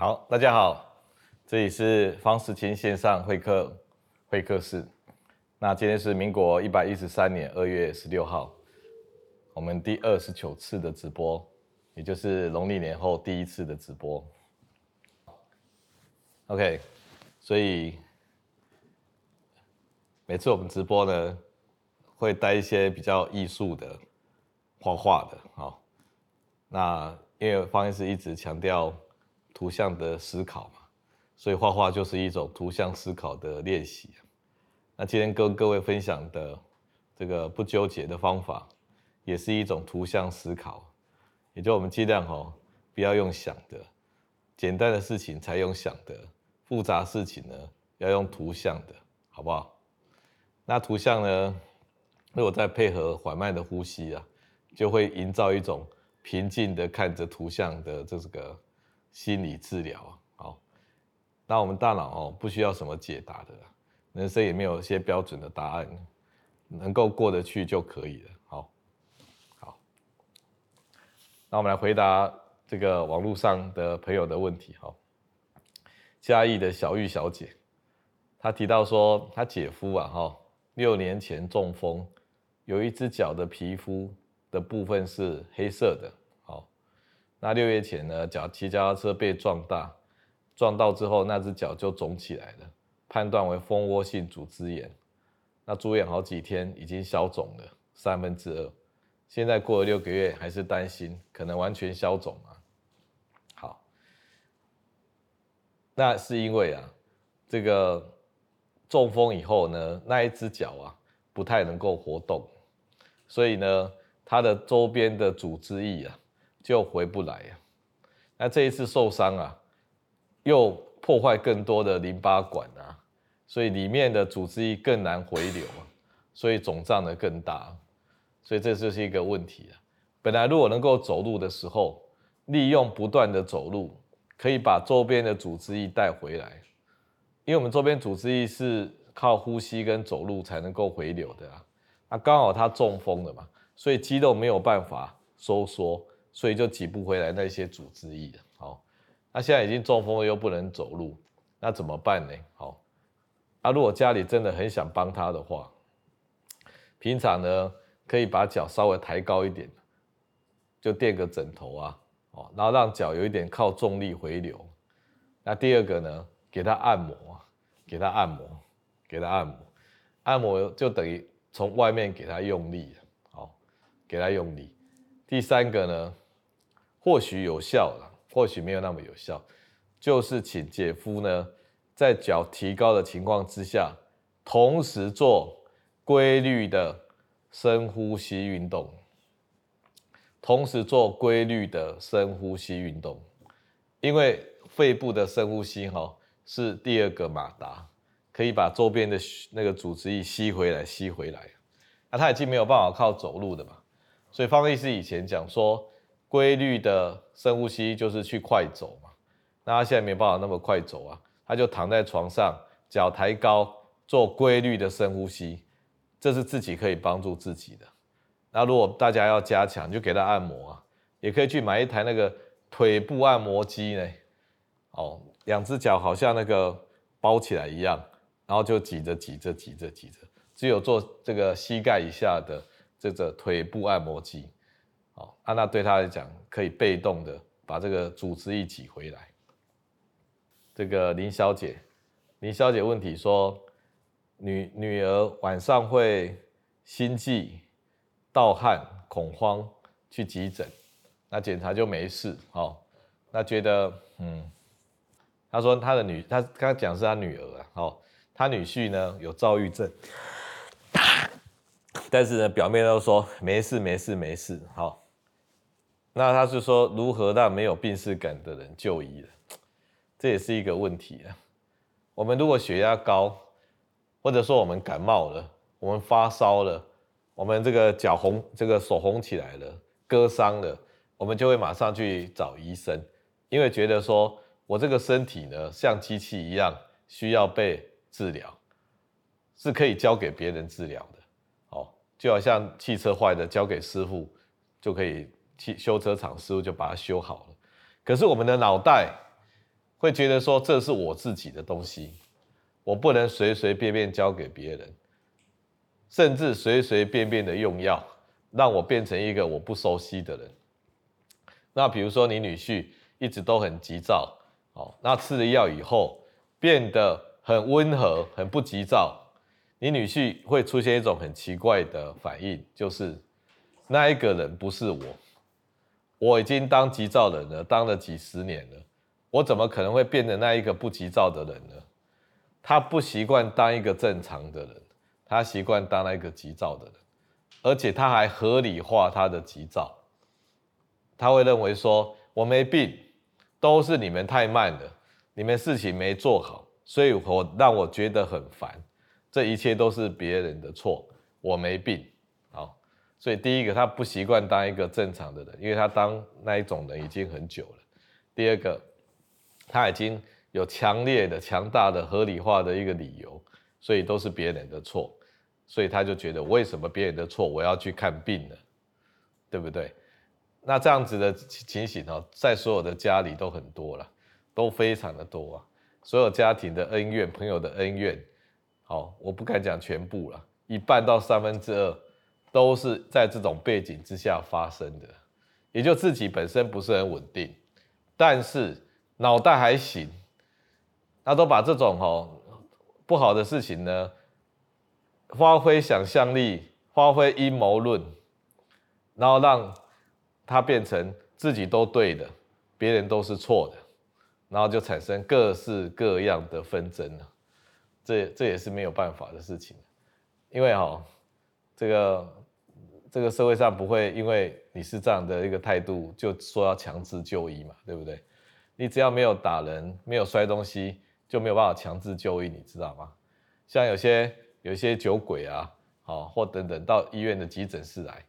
好，大家好，這裡是方識欽線上會客會客室。那今天是民國一百一十三年二月十六號，我們第二十九次的直播，也就是農曆年後第一次的直播。OK，所以每次我們直播呢，會帶一些比較藝術的、畫畫的，好。那因為方醫師一直強調。圖像的思考嘛，所以畫畫就是一種圖像思考的練習。那今天跟各位分享的這個不糾結的方法，也是一種圖像思考，也就我們儘量哦不要用想的，簡單的事情才用想的，複雜事情呢要用圖像的，好不好？那圖像呢，如果再配合緩慢的呼吸啊，就會營造一種平靜的看着圖像的這個。心理治療啊，好，那我們大腦哦不需要什麼解答的，人生也沒有一些標準的答案，能夠過得去就可以了。好，好，那我們來回答這個網絡上的朋友的問題。哈，嘉義的小玉小姐，她提到說，她姐夫啊，哈，六年前中風，有一隻腳的皮膚的部分是黑色的。那六月前呢，騎腳踏車被撞大，大撞到之後，那只腳就腫起來了，判斷為蜂窩性組織炎。那住院好幾天，已經消腫了三分之二。現在過了六個月，還是擔心可能完全消腫啊。好，那是因為啊，這個中風以後呢，那一只腳啊不太能夠活動，所以呢，它的周邊的組織液啊。就回不來呀、啊。那這一次受傷啊，又破壞更多的淋巴管啊，所以裡面的組織液更難回流啊，所以腫脹得更大。所以這就是一個問題啊，本來如果能夠走路的時候，利用不斷的走路，可以把周邊的組織液帶回來，因為我們周邊組織液是靠呼吸跟走路才能夠回流的啊。那剛好它中風了嘛，所以肌肉沒有辦法收縮。所以就擠不回來那些組織液。好，那現在已經中風了，又不能走路，那怎麼辦呢？好，那、啊、如果家裡真的很想幫他的話，平常呢可以把腳稍微抬高一點，就墊個枕頭啊，哦，然後讓腳有一點靠重力回流。那第二個呢，給他按摩，給他按摩，給他按摩，按摩就等於從外面給他用力，好，給他用力。第三個呢？或許有效了，或許沒有那麼有效，就是請姐夫呢，在腳提高的情況之下，同時做規律的深呼吸運動，同時做規律的深呼吸運動，因為肺部的深呼吸哈、喔、是第二個馬達，可以把周邊的那個組織液吸回來，吸回來。那、啊、他已經沒有辦法靠走路的嘛，所以方醫師以前講說。規律的深呼吸就是去快走嘛，那他現在沒辦法那麼快走啊，他就躺在床上，腳抬高，做規律的深呼吸，這是自己可以幫助自己的。那如果大家要加強，就給他按摩，啊，也可以去買一台那個腿部按摩機呢。哦，兩隻腳好像那個包起來一樣，然後就擠着擠着擠着擠着，只有做這個膝蓋以下的這個腿部按摩機。安娜，啊，對她來講，可以被動的把這個組織一起回來。這個林小姐，林小姐問題說，女女兒晚上會心悸、盜汗、恐慌，去急診，那檢查就沒事。哦。那覺得，嗯，她說她的女，她剛剛講是她女兒啊。哦，她女婿呢有躁鬱症，但是呢，表面都說沒事沒事沒事。好。哦那他是說，如何讓沒有病識感的人就醫？這也是一個問題啊。我們如果血壓高，或者說我們感冒了，我們發燒了，我們這個腳紅，這個手紅起來了，割傷了，我們就會馬上去找醫生，因為覺得說我這個身體呢像機器一樣，需要被治療，是可以交給別人治療的。哦，就好像汽車壞了，交給師傅就可以。去修車廠，師傅就把它修好了，可是我們的腦袋會覺得說，這是我自己的東西，我不能隨隨便便交給別人，甚至隨隨便便的用藥，讓我變成一個我不熟悉的人。那比如說你女婿，一直都很急躁，哦，那吃了藥以後變得很溫和，很不急躁，你女婿會出現一種很奇怪的反應，就是那一個人不是我。我已經當急躁人了，當了幾十年了，我怎麼可能會變成那一個不急躁的人呢？他不習慣當一個正常的人，他習慣當那一個急躁的人，而且他還合理化他的急躁，他會認為說，我沒病，都是你們太慢了，你們事情沒做好，所以我讓我覺得很煩，這一切都是別人的錯，我沒病。所以第一個，他不習慣當一個正常的人，因為他當那一種人已經很久了。第二個，他已經有強烈的、強大的、合理化的一個理由，所以都是別人的錯，所以他就覺得為什麼別人的錯我要去看病呢？對不對？那這樣子的情形哦，在所有的家裡都很多了，都非常的多啊。所有家庭的恩怨、朋友的恩怨，好，我不敢講全部了，一半到三分之二。都是在這種背景之下發生的，也就自己本身不是很穩定，但是腦袋還行，那都把這種哈、哦、不好的事情呢，發揮想象力，發揮陰謀論，然後讓它變成自己都對的，別人都是錯的，然後就產生各式各樣的紛爭了。這這也是沒有辦法的事情，因為哈、哦。這個這個社會上不會因為你是這樣的一個態度，就說要強制就醫嘛，對不對？你只要沒有打人、沒有摔東西，就沒有辦法強制就醫，你知道嗎？像有些有些酒鬼啊，好、哦、或等等到醫院的急診室來，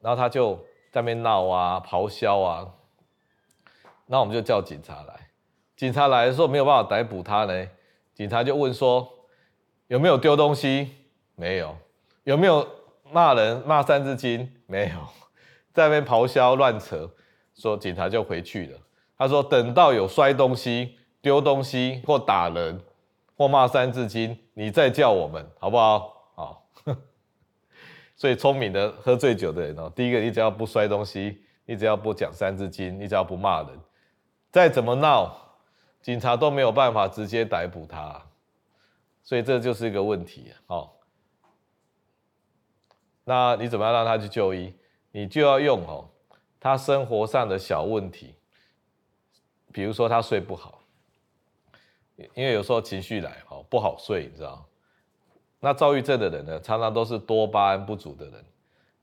然後他就在那邊鬧啊、咆哮啊，那我們就叫警察來。警察來的時候沒有辦法逮捕他呢，警察就問說有沒有丟東西？沒有，有沒有？罵人罵三字經沒有，在那邊咆哮亂扯，說警察就回去了。他說等到有摔東西、丟東西或打人或罵三字經，你再叫我們好不好？好。所以聰明的喝醉酒的人哦，第一個你只要不摔東西，你只要不講三字經，你只要不罵人，再怎麼鬧，警察都沒有辦法直接逮捕他。所以這就是一個問題。哦。那你怎麼樣讓他去就醫？你就要用哦，他生活上的小問題，比如說他睡不好，因為有時候情緒來哦不好睡，你知道嗎？那躁鬱症的人呢，常常都是多巴胺不足的人。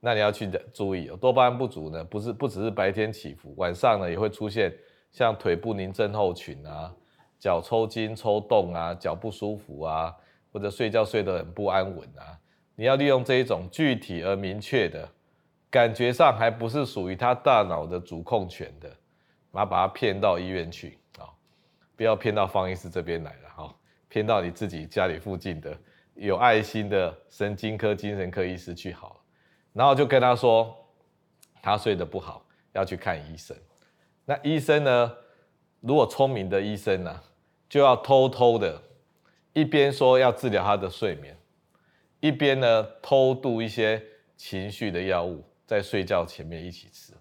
那你要去注意哦，多巴胺不足呢，不是不只是白天起伏，晚上呢也會出現像腿不寧症候群啊、腳抽筋、抽動啊、腳不舒服啊，或者睡覺睡得很不安穩啊。你要利用這一種具體而明確的感覺上，還不是屬於他大腦的主控權的，然後把他騙到醫院去啊、哦，不要騙到方醫師這邊來了哈，騙、哦、到你自己家裡附近的有愛心的神經科、精神科醫師去好了，然後就跟他說，他睡得不好，要去看醫生。那醫生呢，如果聰明的醫生呢，就要偷偷的，一邊說要治療他的睡眠。一邊呢，偷渡一些情緒的藥物，在睡覺前面一起吃，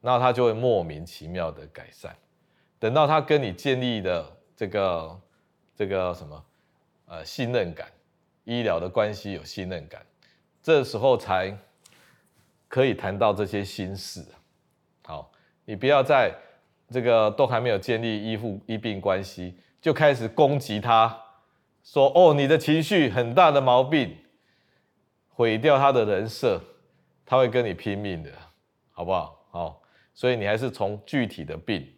那他就會莫名其妙的改善。等到他跟你建立的這個這個什麼呃信任感，醫療的關係有信任感，這時候才可以談到這些心事。好，你不要在這個都還沒有建立醫護醫病關係，就開始攻擊他，說哦，你的情緒很大的毛病。毀掉他的人設，他會跟你拼命的，好不好？好，哦，所以你還是從具體的病，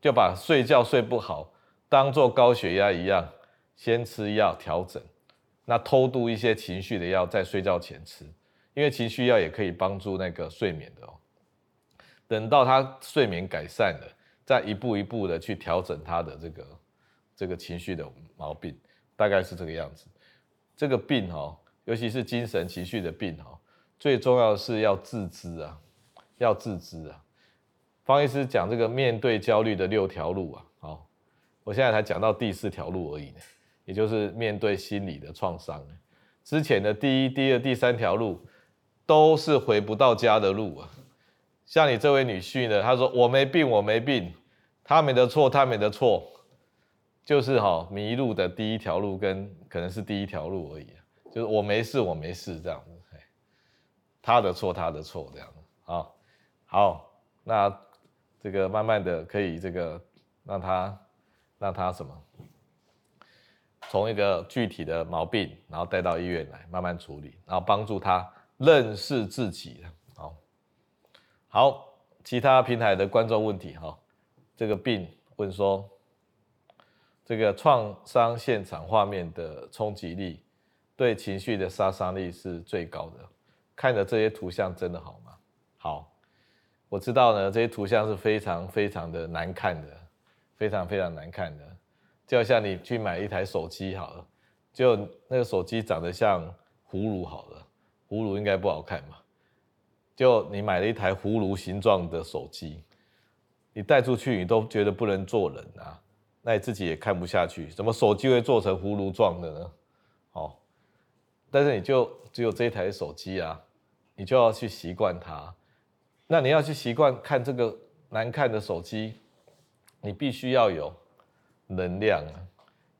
就把睡覺睡不好當做高血壓一樣，先吃藥調整。那偷渡一些情緒的藥在睡覺前吃，因為情緒藥也可以幫助那個睡眠的哦。等到他睡眠改善了，再一步一步的去調整他的這個這個情緒的毛病，大概是這個樣子。這個病哦。尤其是精神情緒的病哈，最重要的是要自知啊，要自知啊。方醫師講這個面對焦慮的六條路啊，好，我現在才講到第四條路而已，也就是面對心理的創傷。之前的第一、第二、第三條路都是回不到家的路啊。像你這位女婿呢，他說我沒病，我沒病，他們的錯，他們的錯，就是哈、哦、迷路的第一條路跟可能是第一條路而已啊。就是我沒事，我沒事這樣子，他的錯，他的錯這樣子啊。好，好，那這個慢慢的可以這個讓他讓他什麼，從一個具體的毛病，然後帶到醫院來慢慢處理，然後幫助他認識自己。好好，其他平台的觀眾問題哈，這個病問說，這個創傷現場畫面的衝擊力。對情緒的殺傷力是最高的。看着這些圖像真的好嗎？好，我知道呢，這些圖像是非常非常的難看的，非常非常難看的。就像你去買一台手機好了，就那個手機長得像葫蘆好了，葫蘆應該不好看嘛。就你買了一台葫蘆形狀的手機，你帶出去你都覺得不能做人啊，那你自己也看不下去，怎麼手機會做成葫蘆狀的呢？但是你就只有這一台手機啊，你就要去習慣它。那你要去習慣看這個難看的手機，你必須要有能量啊。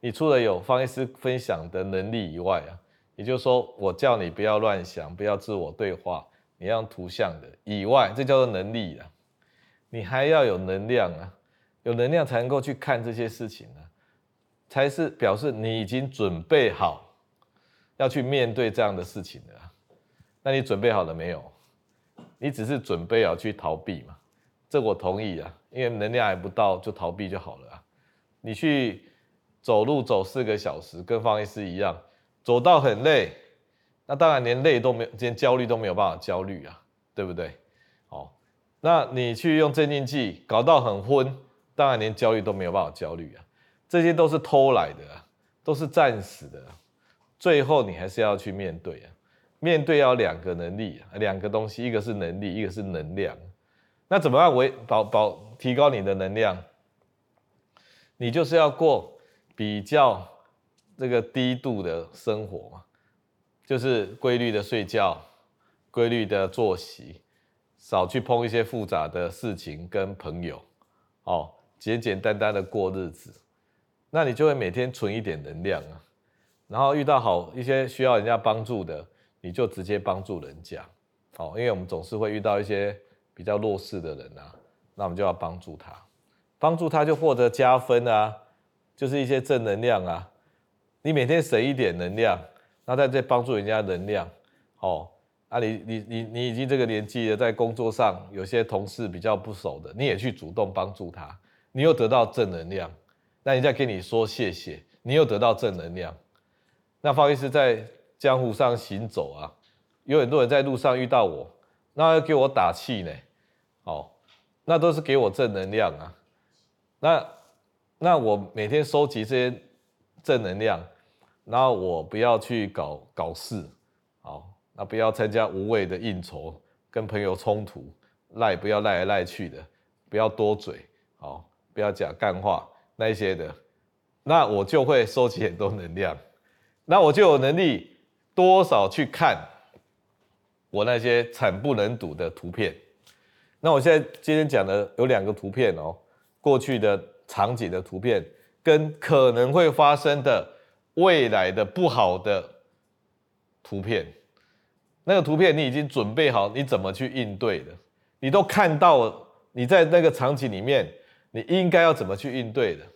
你除了有方醫師分享的能力以外啊，也就是說我叫你不要亂想，不要自我對話，你要圖像的以外，這叫做能力啊。你還要有能量啊，有能量才能夠去看這些事情啊，才是表示你已經準備好。要去面對這樣的事情的、啊，那你準備好了沒有？你只是準備要去逃避嘛？這我同意啊，因為能量還不到就逃避就好了啊。你去走路走四個小時，跟方醫師一樣，走到很累，那當然連累都沒有，連焦慮都沒有辦法焦慮啊，對不對？哦，那你去用鎮定劑搞到很昏，當然連焦慮都沒有辦法焦慮啊。這些都是偷來的、啊，都是暫時的、啊。最後你還是要去面對啊，面對要兩個能力，兩個東西，一個是能力，一個是能量。那怎麼樣為保保提高你的能量？你就是要過比較這個低度的生活嘛，就是規律的睡覺，規律的作息，少去碰一些複雜的事情跟朋友，哦，簡簡單單的過日子，那你就會每天存一點能量啊。然後遇到好一些需要人家幫助的，你就直接幫助人家，哦，因為我們總是會遇到一些比較弱勢的人啊，那我們就要幫助他，幫助他就獲得加分啊，就是一些正能量啊。你每天省一點能量，那在這幫助人家能量，哦，啊你，你你你你已經這個年紀了，在工作上有些同事比較不熟的，你也去主動幫助他，你又得到正能量，那人家跟你說謝謝，你又得到正能量。那方醫師，在江湖上行走啊，有很多人在路上遇到我，那要給我打氣呢，哦，那都是給我正能量啊。那那我每天收集這些正能量，然後我不要去搞搞事，哦，那不要參加無謂的應酬，跟朋友衝突，賴不要賴來賴去的，不要多嘴，哦，不要講幹話那一些的，那我就會收集很多能量。那我就有能力多少去看我那些慘不忍睹的圖片。那我現在今天講的有兩個圖片哦，過去的場景的圖片跟可能會發生的未來的不好的圖片。那個圖片你已經準備好你怎麼去應對的？你都看到了你在那個場景裡面，你應該要怎麼去應對的？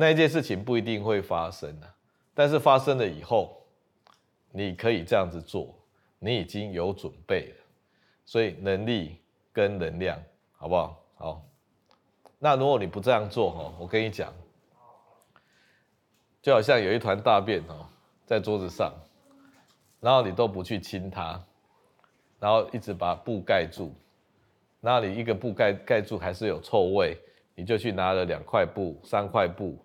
那一件事情不一定會發生啊，但是發生了以後，你可以這樣子做，你已經有準備了，所以能力跟能量，好不好？好。那如果你不這樣做哈，我跟你講，就好像有一團大便哦，在桌子上，然後你都不去清它，然後一直把布蓋住，那你一個布蓋蓋住還是有臭味，你就去拿了兩塊布、三塊布。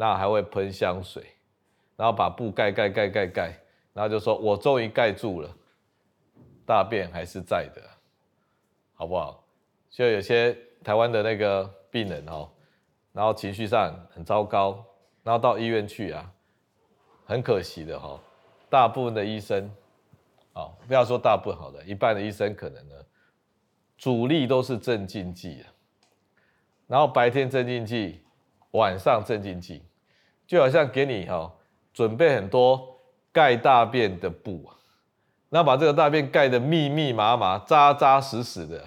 那還會噴香水，然後把布蓋蓋蓋蓋蓋，然後就說：“我終於蓋住了，大便還是在的，好不好？”就有些台灣的那個病人哦，然後情緒上很糟糕，然後到醫院去啊，很可惜的哈。大部分的醫生，哦，不要說大部分好的，一半的醫生可能呢，主力都是鎮靜劑啊，然後白天鎮靜劑，晚上鎮靜劑。就好像給你哈準備很多蓋大便的布啊，那把這個大便蓋得密密麻麻、扎扎實實的，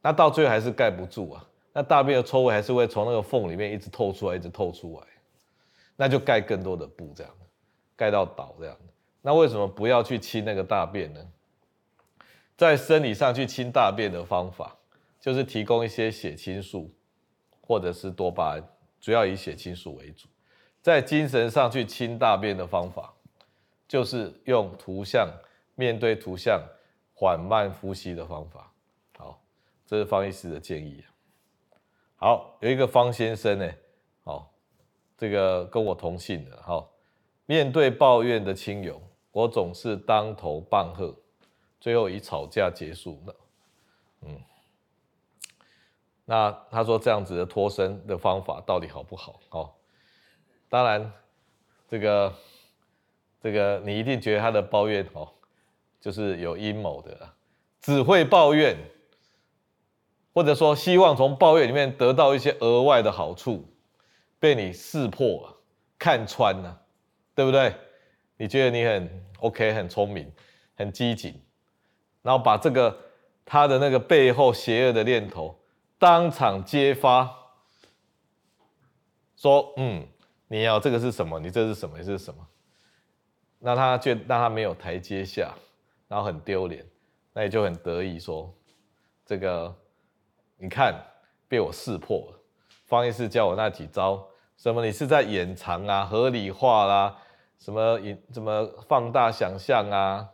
那到最後還是蓋不住啊，那大便的臭味還是會從那個縫裡面一直透出來，一直透出來，那就蓋更多的布這樣的，蓋到倒這樣的。那為什麼不要去清那個大便呢？在生理上去清大便的方法，就是提供一些血清素或者是多巴胺。主要以血清素為主，在精神上去清大便的方法，就是用圖像面對圖像緩慢呼吸的方法。好，這是方醫師的建議。好，有一個方先生呢，好，這個跟我同姓的，好，面對抱怨的親友，我總是當頭棒喝，最後以吵架結束了。嗯。那他說這樣子的脫身的方法到底好不好？哦，當然，這個這個你一定覺得他的抱怨哦，就是有陰謀的啦，只會抱怨，或者說希望從抱怨裡面得到一些額外的好處，被你識破了、看穿了，對不對？你覺得你很 OK、很聰明、很機警，然後把這個他的那個背後邪惡的念頭。當場揭發，說：“嗯，你要、哦、這個是什麼？你這是什麼？這是什麼？”那他就讓他沒有台階下，然後很丟臉，那也就很得意說：“這個，你看，被我識破了。方醫師教我那幾招，什麼你是在掩藏啊，合理化啦、啊，什麼引，什麼放大想象啊，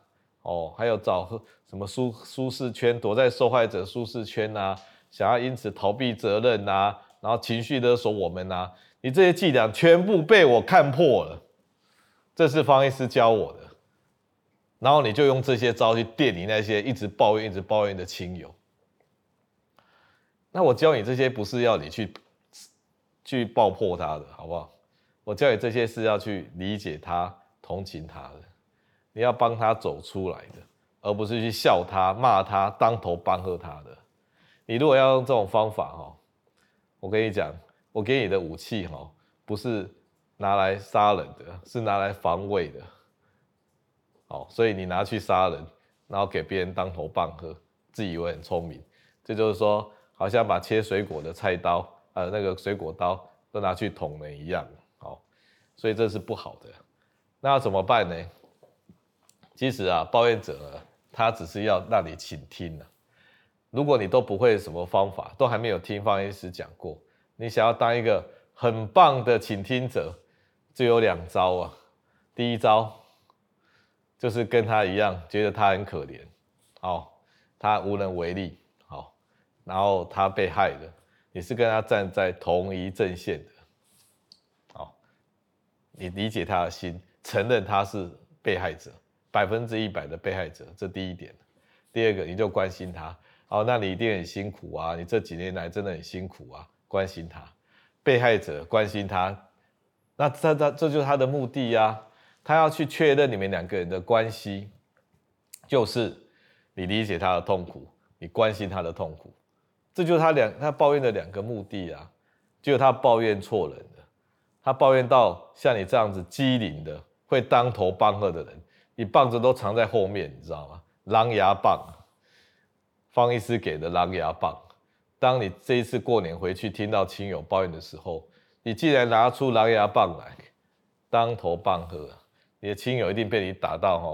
哦，還有找什麼舒舒適圈，躲在受害者舒適圈啊。”想要因此逃避責任吶、啊，然後情緒勒索我們吶、啊，你這些伎倆全部被我看破了。這是方醫師教我的，然後你就用這些招去電你那些一直抱怨、一直抱怨的親友。那我教你這些不是要你去去爆破他的，好不好？我教你這些是要去理解他、同情他的，你要幫他走出來的，而不是去笑他、罵他、當頭棒喝他的。你如果要用這種方法，我跟你講，我給你的武器不是拿來殺人的，是拿來防衛的。所以你拿去殺人，然後給別人當頭棒喝，自以為很聰明，這就是說，好像把切水果的菜刀，呃，那個水果刀都拿去捅人一樣。所以這是不好的。那怎麼辦呢？其實啊，抱怨者啊，他只是要讓你傾聽啊。如果你都不會有什麼方法，都還沒有聽方醫師講過，你想要當一個很棒的傾聽者，只有兩招啊。第一招就是跟他一樣，覺得他很可憐，哦，他無能為力，哦，然後他被害了，你是跟他站在同一陣線的，哦，你理解他的心，承認他是被害者，百分之一百的被害者，這第一點。第二個，你就關心他。好、哦，那你一定很辛苦啊！你這幾年來真的很辛苦啊，關心他，被害者關心他，那他他這就是他的目的呀，啊，他要去確認你們兩個人的關係，就是你理解他的痛苦，你關心他的痛苦，這就是他兩他抱怨的兩個目的啊，就是他抱怨錯人了，他抱怨到像你這樣子機靈的會當頭棒喝的人，你棒子都藏在後面，你知道嗎？狼牙棒。方醫師給的狼牙棒，當你這一次過年回去聽到親友抱怨的時候，你竟然拿出狼牙棒來，當頭棒喝，你的親友一定被你打到哦，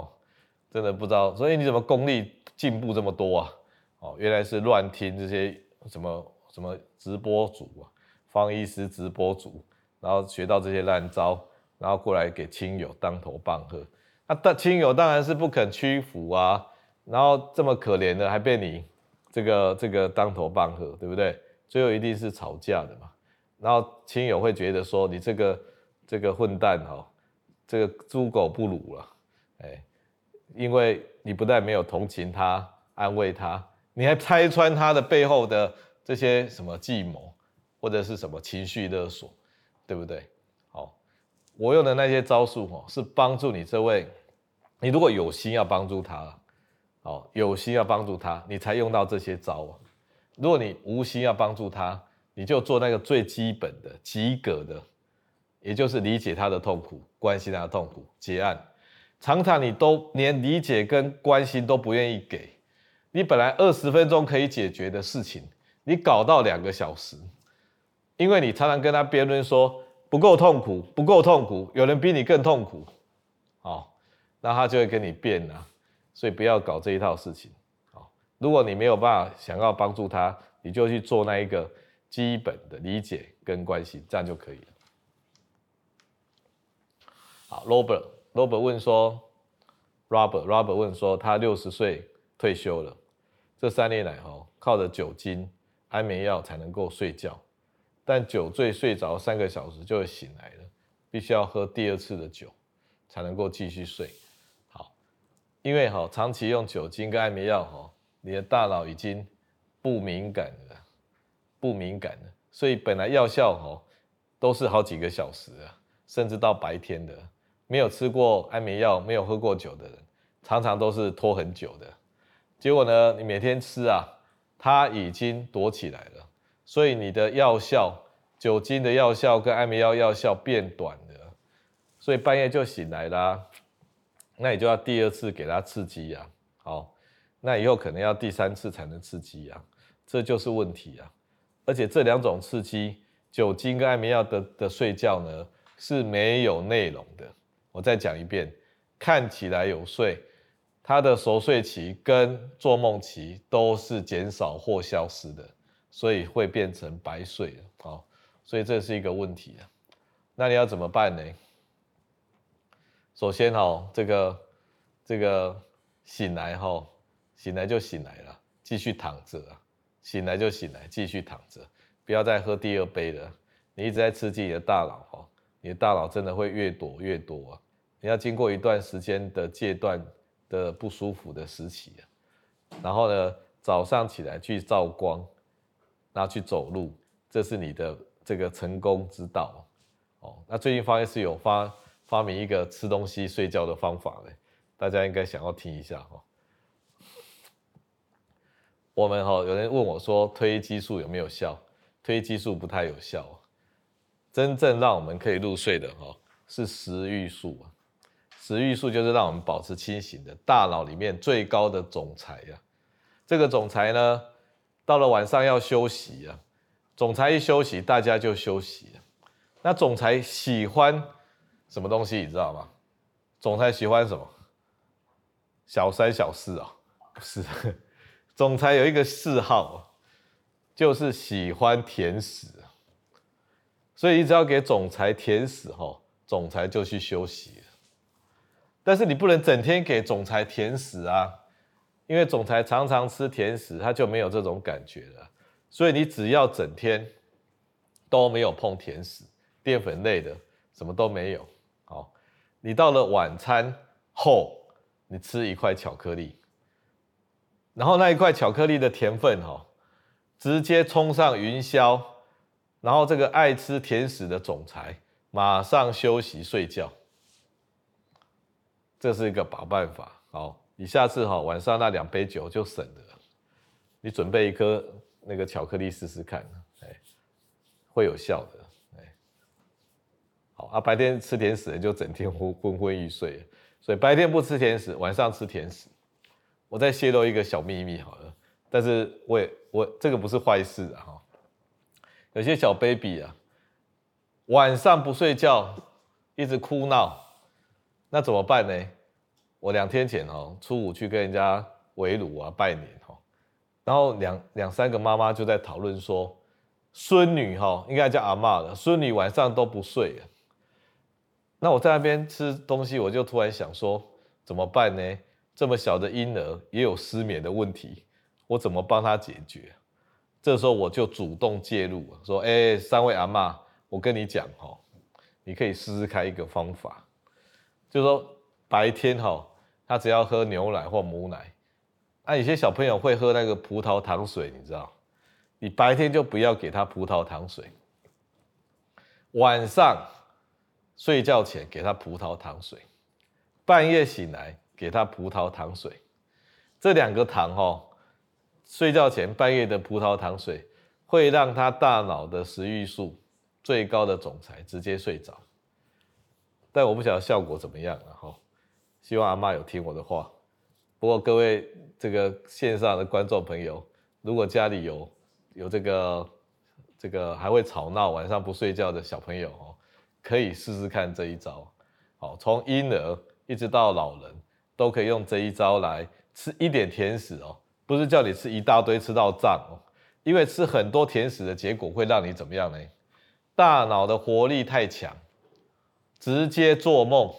真的不知道，所以你怎麼功力進步這麼多啊？哦，原來是亂聽這些什麼什麼直播主，方醫師直播主，然後學到這些爛招，然後過來給親友當頭棒喝，那當親友當然是不肯屈服啊，然後這麼可憐的還被你。這個這個當頭棒喝，對不對？最後一定是吵架的嘛。然後親友會覺得說你這個這個混蛋哦，這個豬狗不如了啊，哎，因為你不但沒有同情他、安慰他，你還拆穿他的背後的這些什麼計謀，或者是什麼情緒勒索，對不對？好，我用的那些招數哦，是幫助你這位，你如果有心要幫助他。哦，有心要幫助他，你才用到這些招啊。如果你無心要幫助他，你就做那個最基本的及格的，也就是理解他的痛苦，關心他的痛苦，結案。常常你都連理解跟關心都不願意給，你本來二十分鐘可以解決的事情，你搞到兩個小時，因為你常常跟他辯論說不夠痛苦，不夠痛苦，有人比你更痛苦。哦，那他就會跟你辯了啊。所以不要搞這一套事情，好。如果你沒有辦法想要幫助他，你就去做那一個基本的理解跟關心，這樣就可以了。好，Robert，Robert Robert 問說，Robert，Robert Robert 問說，他六十歲退休了，這三年來哦，靠着酒精安眠藥才能夠睡覺，但酒醉睡着三個小時就會醒來了，必須要喝第二次的酒才能夠繼續睡。因為哈、哦，長期用酒精跟安眠藥哈、哦，你的大腦已經不敏感了，不敏感了，所以本來藥效哦都是好幾個小時啊，甚至到白天的，沒有吃過安眠藥、沒有喝過酒的人，常常都是拖很久的。結果呢，你每天吃啊，它已經躲起來了，所以你的藥效、酒精的藥效跟安眠藥藥效變短了。所以半夜就醒來啦。那你就要第二次給他刺激啊，好，那以後可能要第三次才能刺激啊，這就是問題啊。而且這兩種刺激，酒精跟安眠藥的的睡覺呢，是沒有內容的。我再講一遍，看起來有睡，它的熟睡期跟做夢期都是減少或消失的，所以會變成白睡啊。所以這是一個問題啊。那你要怎麼辦呢？首先哈，這個這個醒來哈，醒來就醒來了，繼續躺着。醒來就醒來，繼續躺着，不要再喝第二杯了。你一直在刺激你的大腦哈，你的大腦真的會越躲越多。你要經過一段時間的戒斷的不舒服的時期啊，然後呢，早上起來去照光，然後去走路，這是你的這個成功之道。哦，那最近方醫師有發。發明一個吃東西睡覺的方法，大家應該想要聽一下。我們哈，有人問我說，褪黑素有沒有效？褪黑素不太有效，真正讓我們可以入睡的哈，是食慾素。食慾素就是讓我們保持清醒的大腦裡面最高的總裁呀。這個總裁呢，到了晚上要休息啊。總裁一休息，大家就休息。那總裁喜歡。什麼東西你知道嗎？總裁喜歡什麼？小三小四啊、哦，不是，總裁有一個嗜好，就是喜歡甜食。所以你只要給總裁甜食，哦，總裁就去休息。但是你不能整天給總裁甜食啊，因為總裁常常吃甜食，他就沒有這種感覺了。所以你只要整天都沒有碰甜食、澱粉類的，什麼都沒有。你到了晚餐後，你吃一塊巧克力，然後那一塊巧克力的甜分哈，直接衝上雲霄，然後這個愛吃甜食的總裁馬上休息睡覺，這是一個好辦法。好，你下次哈晚上那兩杯酒就省了，你準備一顆那個巧克力試試看，哎，會有效的。啊，白天吃甜食，就整天昏昏昏欲睡，所以白天不吃甜食，晚上吃甜食。我再泄露一個小秘密，好了，但是我也我這個不是壞事啊。有些小 baby 啊，晚上不睡覺，一直哭鬧，那怎麼辦呢？我兩天前哦，初五去跟人家圍爐啊拜年哦，然後兩兩三個媽媽就在討論說，孫女哈應該叫阿嬤的，孫女晚上都不睡。那我在那邊吃東西，我就突然想說，怎麼辦呢？這麼小的嬰兒也有失眠的問題，我怎麼幫他解決？這時候我就主動介入，說：“哎、欸，三位阿嬤，我跟你講哦，你可以試試看一個方法，就是說白天哈，他只要喝牛奶或母奶，那、啊、有些小朋友會喝那個葡萄糖水，你知道，你白天就不要給他葡萄糖水，晚上。”睡覺前給他葡萄糖水，半夜醒來給他葡萄糖水，這兩個糖哦，睡覺前半夜的葡萄糖水會讓他大腦的食慾素最高的總裁直接睡着。但我不曉得效果怎麼樣啊哈，希望阿媽有聽我的話。不過各位這個線上的觀眾朋友，如果家裡有有這個這個還會吵鬧晚上不睡覺的小朋友。可以試試看這一招，好，從嬰兒一直到老人，都可以用這一招來吃一點甜食哦。不是叫你吃一大堆吃到脹哦，因為吃很多甜食的結果會讓你怎麼樣呢？大腦的活力太強，直接做夢。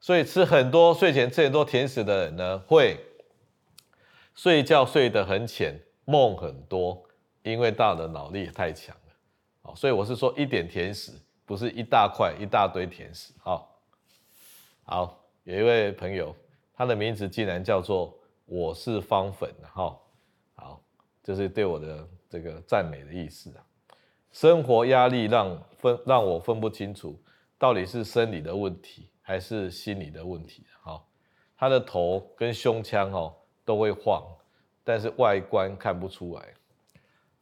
所以吃很多睡前吃很多甜食的人呢，會睡覺睡得很淺，夢很多，因為大腦的腦力也太強了。好，所以我是說一點甜食。不是一大塊一大堆甜食，哦、好，好，有一位朋友，他的名字竟然叫做我是方粉，哈、哦、好，這、就是對我的這個讚美的意思啊。生活壓力讓分讓我分不清楚到底是生理的問題還是心理的問題，哈、哦。他的頭跟胸腔哦都會晃，但是外觀看不出來，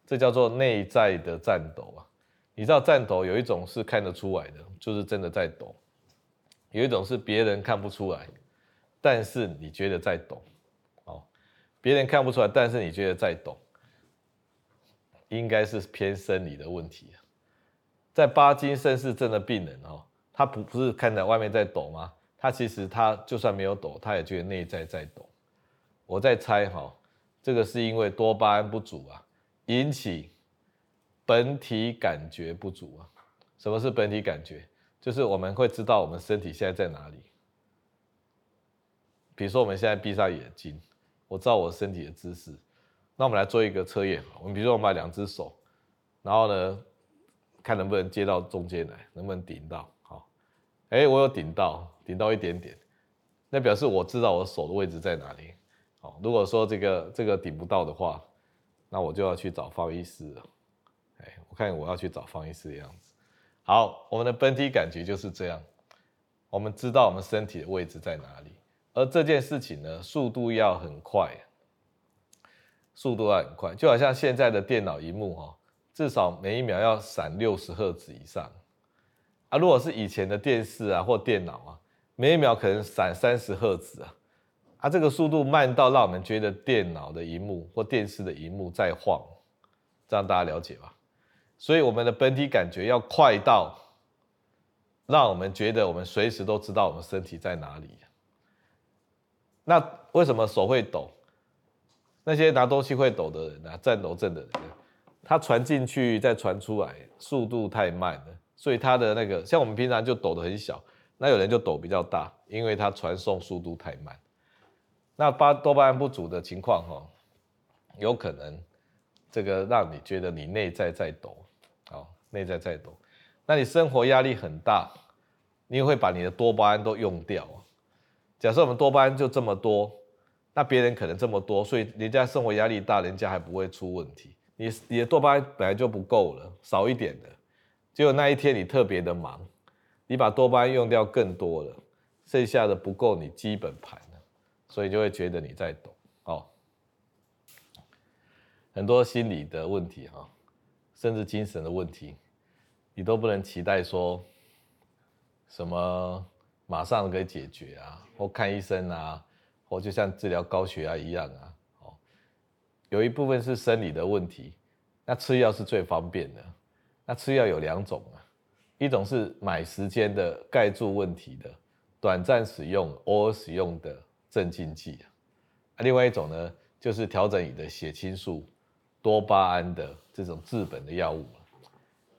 這叫做內在的戰鬥啊。你知道顫抖有一種是看得出來的，就是真的在抖；有一種是別人看不出來，但是你覺得在抖，哦，別人看不出來，但是你覺得在抖，應該是偏生理的問題。在帕金森氏症的病人哦，他不不是看在外面在抖嗎？他其實他就算沒有抖，他也覺得內在在抖。我在猜哈，哦，這個是因為多巴胺不足啊，引起。本體感覺不足啊？什麼是本體感覺？就是我們會知道我們身體現在在哪裡。比如說我們現在閉上眼睛，我知道我身體的姿勢。那我們來做一個測驗，我們比如說我們把兩隻手，然後呢，看能不能接到中間來，能不能頂到？好，哎，我有頂到，頂到一點點，那表示我知道我手的位置在哪裡。好，如果說這個這個頂不到的話，那我就要去找方醫師了。哎、欸，我看我要去找方醫師的樣子。好，我們的本體感覺就是這樣。我們知道我們身體的位置在哪裡，而這件事情呢，速度要很快，速度要很快，就好像現在的電腦熒幕哦，至少每一秒要閃六十赫茲以上。啊，如果是以前的電視啊或電腦啊，每一秒可能閃三十赫茲啊，啊，這個速度慢到讓我們覺得電腦的熒幕或電視的熒幕在晃，這樣大家了解吧？所以我們的本體感覺要快到，讓我們覺得我們隨時都知道我們身體在哪裡啊。那為什麼手會抖？那些拿東西會抖的人啊，顫抖症的人，他傳進去再傳出來速度太慢了，所以他的那個像我們平常就抖得很小，那有人就抖比較大，因為他傳送速度太慢。那多巴胺不足的情況哈，有可能這個讓你覺得你內在在抖。內在再多，那你生活壓力很大，你也會把你的多巴胺都用掉。假設我們多巴胺就這麼多，那別人可能這麼多，所以人家生活壓力大，人家還不會出問題。你你的多巴胺本來就不夠了，少一點的，結果那一天你特別的忙，你把多巴胺用掉更多了，剩下的不夠你基本盤了，所以你就會覺得你在懂哦。很多心理的問題哈，甚至精神的問題。你都不能期待說，什麼馬上可以解決啊，或看醫生啊，或就像治療高血壓一樣啊，哦，有一部分是生理的問題，那吃藥是最方便的。那吃藥有兩種啊，一種是買時間的蓋住問題的，短暫使用，偶爾使用的鎮靜劑啊，啊，另外一種呢，就是調整你的血清素、多巴胺的這種治本的藥物。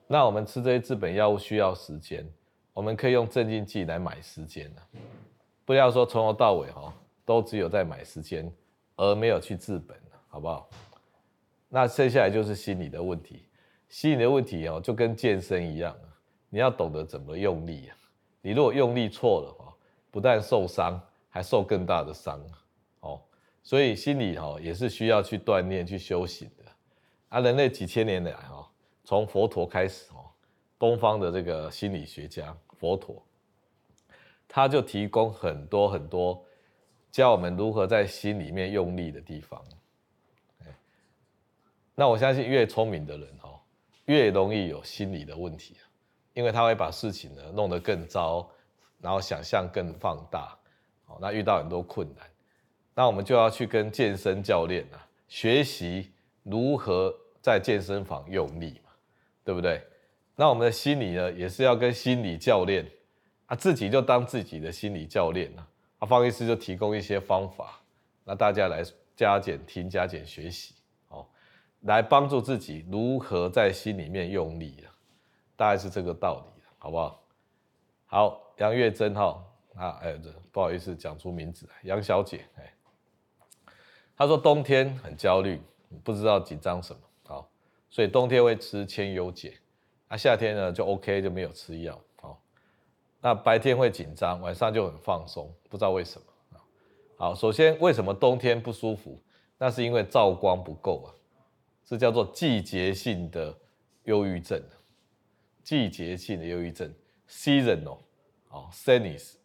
那我們吃這些治本藥物需要時間，我們可以用鎮靜劑來買時間。不要說從頭到尾都只有在買時間，而沒有去治本，好不好？那剩下來就是心理的問題，心理的問題哦，就跟健身一樣，你要懂得怎麼用力。你如果用力錯了，不但受傷，還受更大的傷哦。所以心理也是需要去鍛鍊、去修行的啊。人類幾千年來從佛陀開始哦，東方的這個心理學家，佛陀，他就提供很多很多教我們如何在心裡面用力的地方。那我相信越聰明的人哦，越容易有心理的問題，因為他會把事情呢弄得更糟，然後想象更放大，那遇到很多困難，那我們就要去跟健身教練啊學習如何在健身房用力。對不對？那我們的心理呢，也是要跟心理教練啊，自己就當自己的心理教練了。啊，方醫師就提供一些方法，那大家來加減聽加減學習，哦，來幫助自己如何在心裡面用力了，啊，大概是這個道理，好不好？好，楊月珍哈，啊，哎，不好意思講出名字來，楊小姐，哎，她說冬天很焦慮，不知道緊張什麼。所以冬天會吃千憂解，啊、夏天呢就 OK，就沒有吃藥哦。那白天會緊張，晚上就很放鬆，不知道為什麼。好，首先為什麼冬天不舒服？那是因為照光不夠啊，這叫做季節性的憂鬱症。季節性的憂鬱症，seasonal，哦，seasonal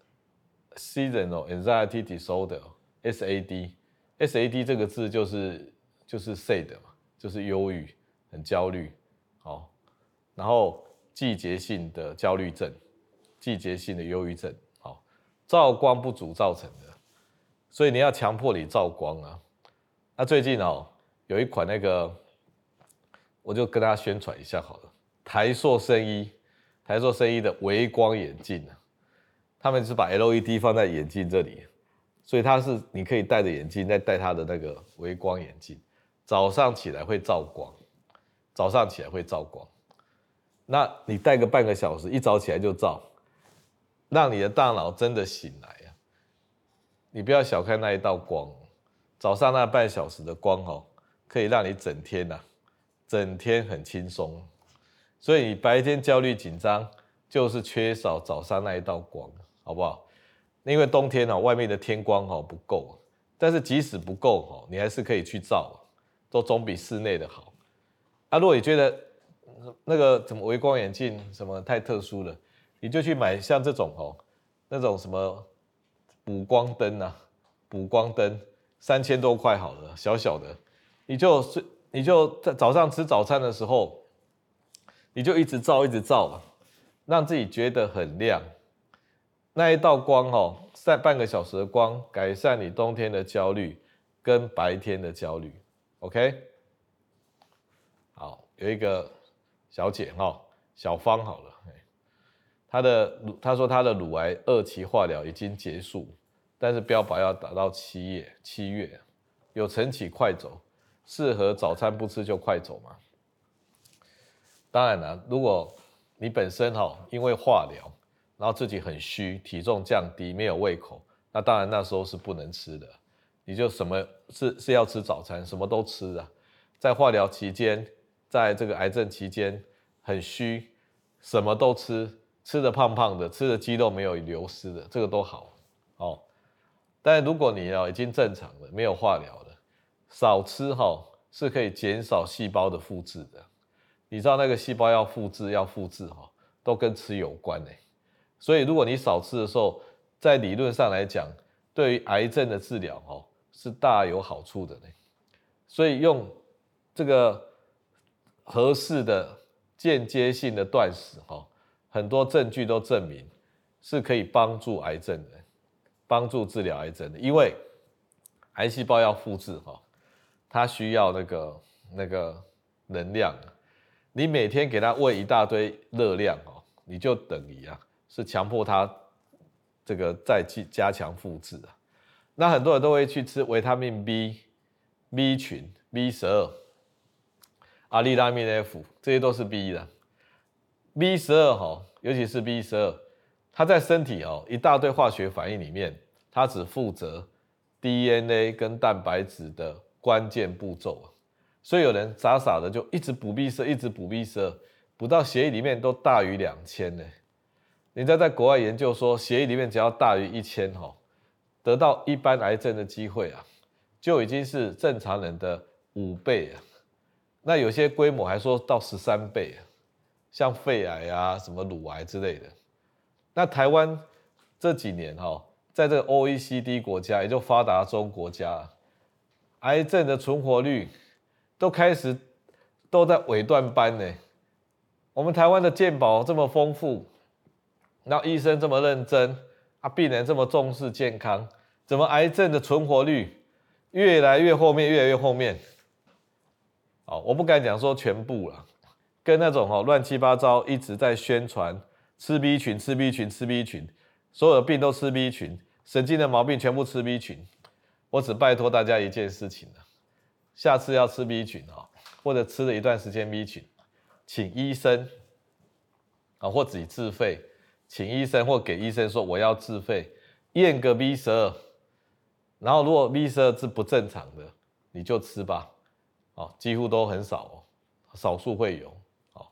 Season anxiety disorder，SAD，SAD 這個字就是就是 sad 嘛，就是憂鬱。很焦慮，哦，然後季節性的焦慮症、季節性的憂鬱症，哦，照光不足造成的，所以你要強迫你照光啊。那最近哦，有一款那個，我就跟大家宣傳一下好了，台塑生醫，台塑生醫的微光眼鏡啊，他們是把 LED 放在眼鏡這裡，所以它是你可以戴着眼鏡再戴它的那個微光眼鏡，早上起來會照光。早上起來會照光，那你戴個半個小時，一早起來就照，讓你的大腦真的醒來。你不要小看那一道光，早上那半小時的光哦，可以讓你整天吶，整天很輕鬆。所以你白天焦慮緊張，就是缺少早上那一道光，好不好？因為冬天呢，外面的天光哦不夠，但是即使不夠哦，你還是可以去照，都總比室內的好。啊，如果你覺得那個什麼微光眼鏡什麼太特殊了，你就去買像這種哦，那種什麼補光燈啊，補光燈三千多塊好了，小小的，你就睡，你就在早上吃早餐的時候，你就一直照一直照，讓自己覺得很亮，那一道光哦，曬半個小時的光，改善你冬天的焦慮跟白天的焦慮，OK。好，有一個小姐哈，小芳好了，她的她說她的乳癌二期化療已經結束，但是標靶要打到七月七月，有晨起快走，適合早餐不吃就快走嘛。當然了，啊，如果你本身哈因為化療，然後自己很虛，體重降低，沒有胃口，那當然那時候是不能吃的，你就什麼是是要吃早餐，什麼都吃啊，在化療期間。在這個癌症期間，很虛，什麼都吃，吃的胖胖的，吃的肌肉沒有流失的，這個都好哦。但如果你要、哦、已經正常了，沒有化療了，少吃哈、哦，是可以減少細胞的複製的。你知道那個細胞要複製要複製哈、哦，都跟吃有關。所以如果你少吃的時候，在理論上來講，對於癌症的治療、哦、是大有好處的。所以用這個。合適的間接性的斷食，哈，很多證據都證明是可以幫助癌症的，幫助治療癌症的。因為癌細胞要複制，哈，它需要那個那個能量。你每天給它喂一大堆熱量，哦，你就等於啊，是強迫它這個再去加強複制啊。那很多人都會去吃維他命 B，B 群，B 十二。阿利拉米 F，這些都是 B 一的。B 十二哈，尤其是 B 十二，它在身體哦一大堆化學反應裡面，它只負責 DNA 跟蛋白質的關鍵步驟啊。所以有人傻傻的就一直補 B 十二，一直補 B 十二，補到血液裡面都大於兩千呢。人家在國外研究說，血液裡面只要大於一千哈，得到一般癌症的機會啊，就已經是正常人的五倍啊。那有些規模還說到十三倍，像肺癌啊、什麼乳癌之類的。那台灣這幾年齁，在這個 OECD 國家，也就發達中國家，癌症的存活率都開始都在尾段班呢。我們台灣的健保這麼豐富，然後醫生這麼認真啊，病人這麼重視健康，怎麼癌症的存活率越來越後面，越來越後面？哦，我不敢講說全部了，跟那種哦亂七八糟一直在宣傳吃 B 群、吃 B 群、吃 B 群，所有的病都吃 B 群，神經的毛病全部吃 B 群。我只拜託大家一件事情了，下次要吃 B 群哦，或者吃了一段時間 B 群，請醫生啊、哦，或自己自費，請醫生或給醫生說我要自費驗個 B 十二，然後如果 B 十二是不正常的，你就吃吧。幾乎都很少，少數會有，哦，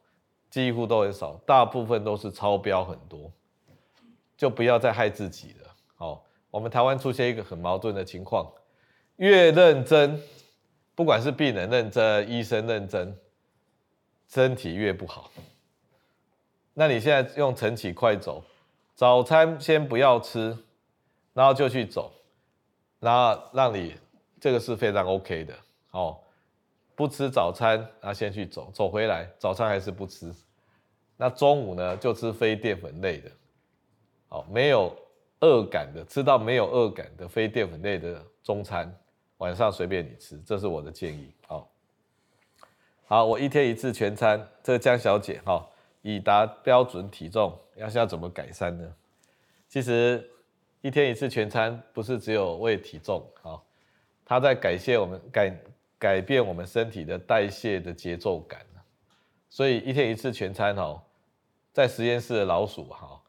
幾乎都很少，大部分都是超標很多，就不要再害自己了，哦。我們台灣出現一個很矛盾的情況，越認真，不管是病人認真、醫生認真，身體越不好。那你現在用晨起快走，早餐先不要吃，然後就去走，然後讓你這個是非常 OK 的，哦。不吃早餐，那先去走走回來，早餐還是不吃。那中午呢，就吃非澱粉類的，好，沒有餓感的，吃到沒有餓感的非澱粉類的中餐。晚上隨便你吃，這是我的建議。好，好，我一天一次全餐。這個江小姐哈，已達標準體重，要要怎麼改善呢？其實一天一次全餐不是只有為體重好，她在改善我們感，改變我們身體的代謝的節奏感，所以一天一次全餐哦，在實驗室的老鼠哈，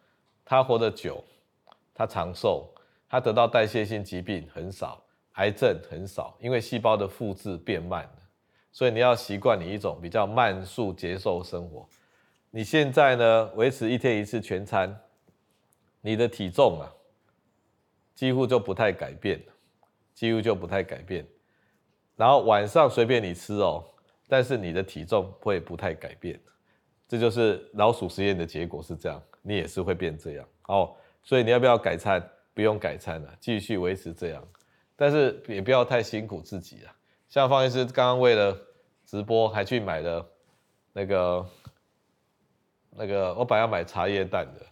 它活得久，它長壽，它得到代謝性疾病很少，癌症很少，因為細胞的複製變慢。所以你要習慣你一種比較慢速節奏生活。你現在呢，維持一天一次全餐，你的體重啊，幾乎就不太改變，幾乎就不太改變。然後晚上隨便你吃哦，但是你的體重會不太改變，這就是老鼠實驗的結果是這樣，你也是會變這樣哦。所以你要不要改餐？不用改餐了，繼續維持這樣，但是也不要太辛苦自己了。像方醫師剛剛為了直播還去買了那個那個，我本來要買茶葉蛋的，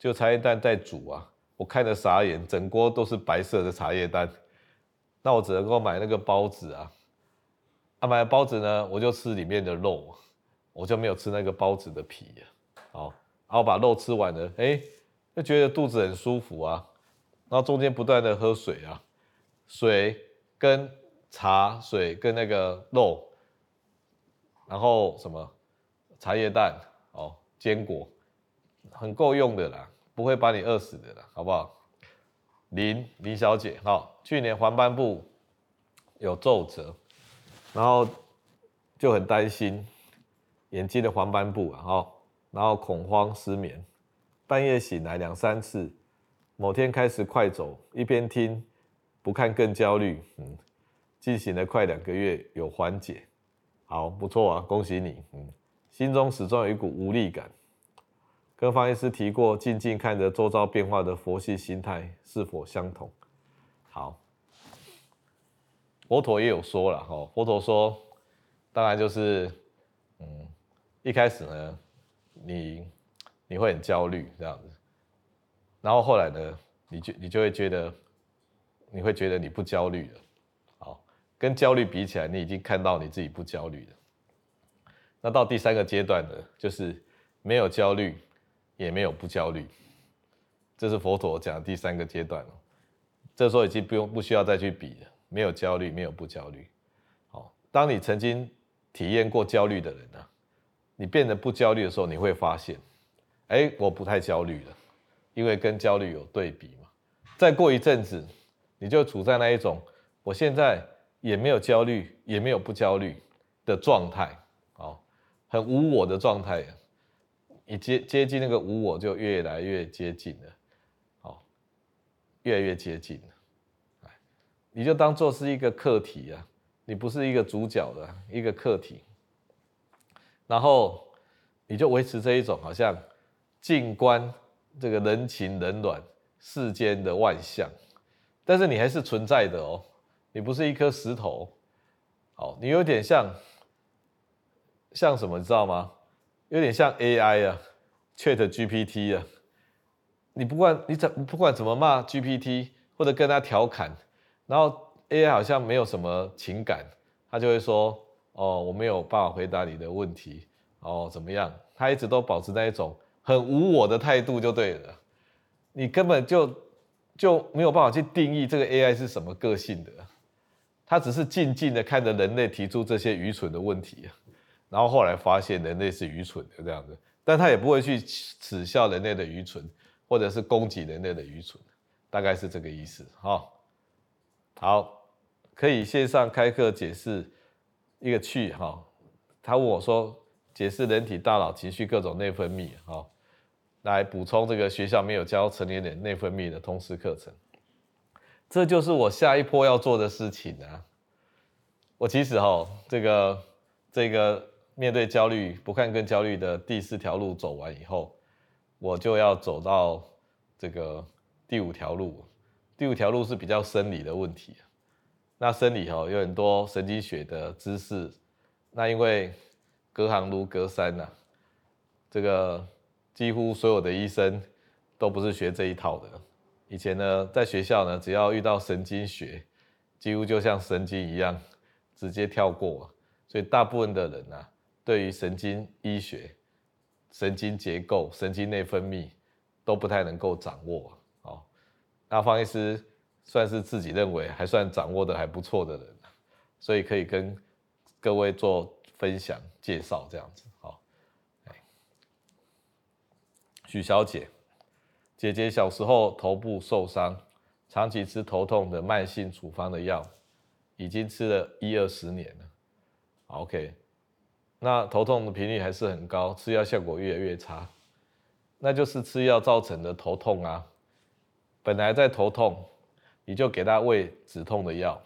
就茶葉蛋在煮啊，我看得傻眼，整鍋都是白色的茶葉蛋。那我只能夠買那個包子啊，啊買了包子呢，我就吃裡面的肉，我就沒有吃那個包子的皮啊。好，然後把肉吃完了，哎、欸，就覺得肚子很舒服啊。然後中間不斷的喝水啊，水跟茶水跟那個肉，然後什麼茶葉蛋哦，堅果，很夠用的啦，不會把你餓死的啦，好不好？林林小姐，好，去年黃斑部有皺褶，然後就很擔心眼睛的黃斑部啊，好，然後恐慌失眠，半夜醒來兩三次，某天開始快走，一邊聽不看更焦慮，嗯，進行了快兩個月有緩解，好不錯啊，恭喜你，嗯，心中始終有一股無力感。跟方醫師提過，靜靜看着周遭變化的佛系心態是否相同？好，佛陀也有說了哈，佛陀說，當然就是，嗯，一開始呢，你你會很焦慮這樣子，然後後來呢，你就你就會覺得，你會覺得你不焦慮了，好，跟焦慮比起來，你已經看到你自己不焦慮了。那到第三個階段呢，就是沒有焦慮。也沒有不焦慮，這是佛陀講的第三個階段哦。這時候已經不用不需要再去比了，沒有焦慮，沒有不焦慮。好、哦，當你曾經體驗過焦慮的人呢、啊，你變得不焦慮的時候，你會發現，哎，我不太焦慮了，因為跟焦慮有對比嘛。再過一陣子，你就處在那一種，我現在也沒有焦慮，也沒有不焦慮的狀態，哦，很無我的狀態、啊。你接接近那個無我，就越來越接近了，哦，越來越接近了，哎，你就當做是一個客體啊，你不是一個主角的一個客體，然後你就維持這一種，好像靜觀這個人情冷暖、世間的萬象，但是你還是存在的哦，你不是一顆石頭，哦，你有點像，像什麼，你知道嗎？有點像 AI 啊，ChatGPT 啊，你不管你怎麼不管怎麼罵 GPT 或者跟他調侃，然後 AI 好像沒有什麼情感，他就會說，哦，我沒有辦法回答你的問題，哦，怎麼樣，他一直都保持那一種很無我的態度就對了，你根本就就沒有辦法去定義這個 AI 是什麼個性的，他只是靜靜的看着人類提出這些愚蠢的問題啊。然後後來發現人類是愚蠢的這樣子，但他也不會去恥笑人類的愚蠢，或者是攻擊人類的愚蠢，大概是這個意思哈。好，好，可以線上開課解釋一個趣哈。他問我說，解釋人體大腦情緒各種內分泌哈，來補充這個學校沒有教成年人內分泌的通識課程。這就是我下一波要做的事情啊。我其實哈，這個這個。面對焦慮，不看更焦慮的第四條路走完以後，我就要走到這個第五條路。第五條路是比較生理的問題。那生理哦，有很多神經學的知識。那因為隔行如隔山吶、啊，這個幾乎所有的醫生都不是學這一套的。以前呢，在學校呢，只要遇到神經學，幾乎就像神經一樣直接跳過。所以大部分的人吶、啊。對於神經醫學、神經結構、神經內分泌都不太能夠掌握哦。那方醫師算是自己認為還算掌握的還不錯的人，所以可以跟各位做分享介紹這樣子哦。許小姐，姐姐小時候頭部受傷，長期吃頭痛的慢性處方的藥，已經吃了一二十年了。好，OK。那頭痛的頻率還是很高，吃藥效果越來越差，那就是吃藥造成的頭痛啊。本來在頭痛，你就給他餵止痛的藥，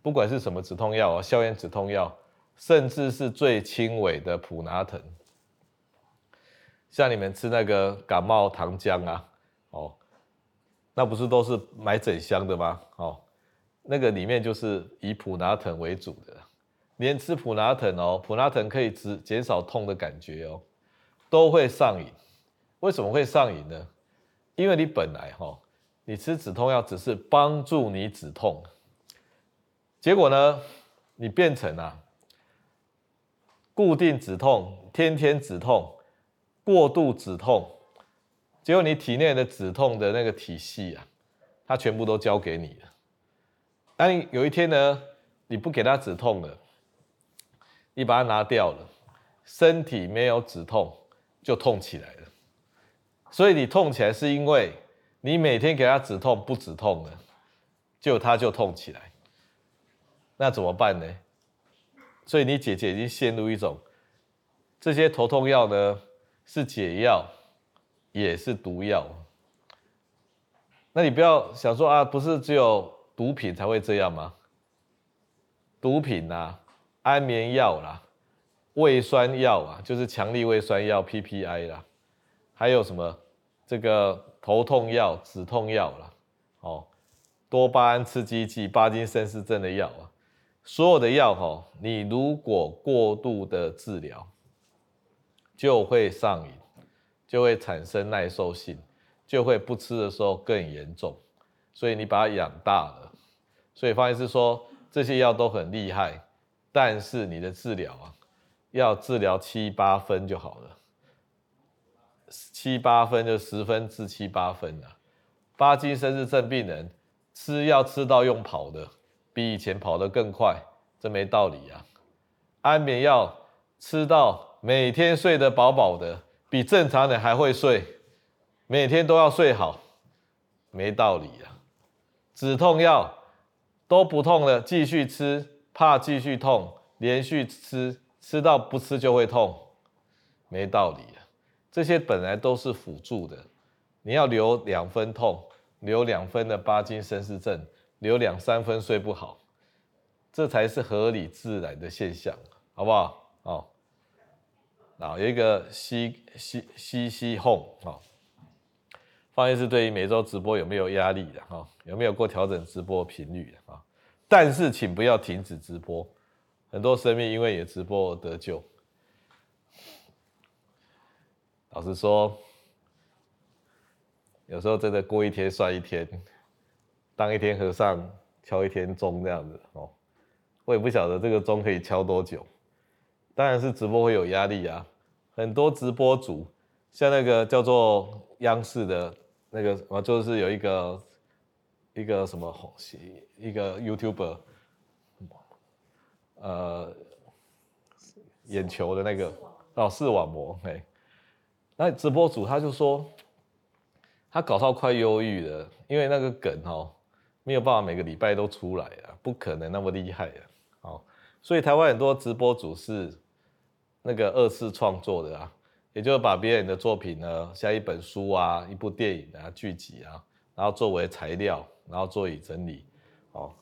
不管是什麼止痛藥啊，消炎止痛藥，甚至是最輕微的普拿疼。像你們吃那個感冒糖漿啊，哦，那不是都是買整箱的嗎？哦，那個裡面就是以普拿疼為主的。連吃普拿疼哦，普拿疼可以止減少痛的感覺哦，都會上癮。為什麼會上癮呢？因為你本來哈、哦，你吃止痛藥只是幫助你止痛，結果呢，你變成啊，固定止痛，天天止痛，過度止痛，結果你體內的止痛的那個體系啊，它全部都交給你了。當有一天呢，你不給他止痛了。你把它拿掉了，身體沒有止痛，就痛起來了。所以你痛起來是因為你每天給他止痛，不止痛了，就他就痛起來。那怎麼辦呢？所以你姐姐已經陷入一種，這些頭痛藥呢，是解藥，也是毒藥。那你不要想說啊，不是只有毒品才會這樣嗎？毒品吶、啊。安眠藥啦，胃酸藥啊，就是強力胃酸藥 PPI 啦，還有什麼這個頭痛藥、止痛藥啦，哦，多巴胺刺激劑、帕金森氏症的藥啊，所有的藥哈，你如果過度的治療，就會上癮，就會產生耐受性，就會不吃的時候更嚴重，所以你把它養大了，所以方醫師說，這些藥都很厲害。但是你的治療啊，要治療七八分就好了，七八分就十分至七八分了啊。巴金森症病人吃藥吃到用跑的，比以前跑得更快，這沒道理啊。安眠藥吃到每天睡得飽飽的，比正常人還會睡，每天都要睡好，沒道理啊。止痛藥都不痛了，繼續吃。怕繼續痛，連續吃吃到不吃就會痛，沒道理啊！這些本來都是輔助的，你要留兩分痛，留兩分的帕金森氏症，留兩三分睡不好，這才是合理自然的現象，好不好？哦，那有一個吸吸吸吸吼，哈，方醫師對於每周直播有沒有壓力的、啊、哈、哦？有沒有過調整直播頻率的、啊但是，請不要停止直播，很多生命因為也直播而得救。老實說，有時候真的過一天算一天，當一天和尚敲一天鐘這樣子哦。我也不曉得這個鐘可以敲多久。當然是直播會有壓力啊，很多直播主，像那個叫做央視的那個，我就是有一個。一個什麼一個 YouTuber，呃，眼球的那個哦，視網膜，哦，那直播主他就說，他搞到快憂鬱了，因為那個梗哦，沒有辦法每個禮拜都出來了，啊，不可能那麼厲害了，啊，哦，所以台灣很多直播主是那個二次創作的啊，也就是把別人的作品呢，像一本書啊、一部電影啊、劇集啊。然後作為材料，然後座椅整理，哦，